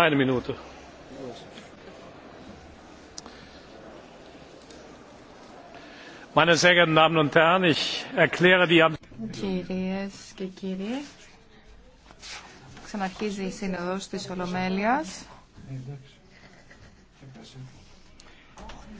Eine Minute. Meine sehr geehrten Damen und Herren, ich erkläre die Κυρίες και κύριοι, ξαναρχίζει η σύνοδος της Ολομέλειας.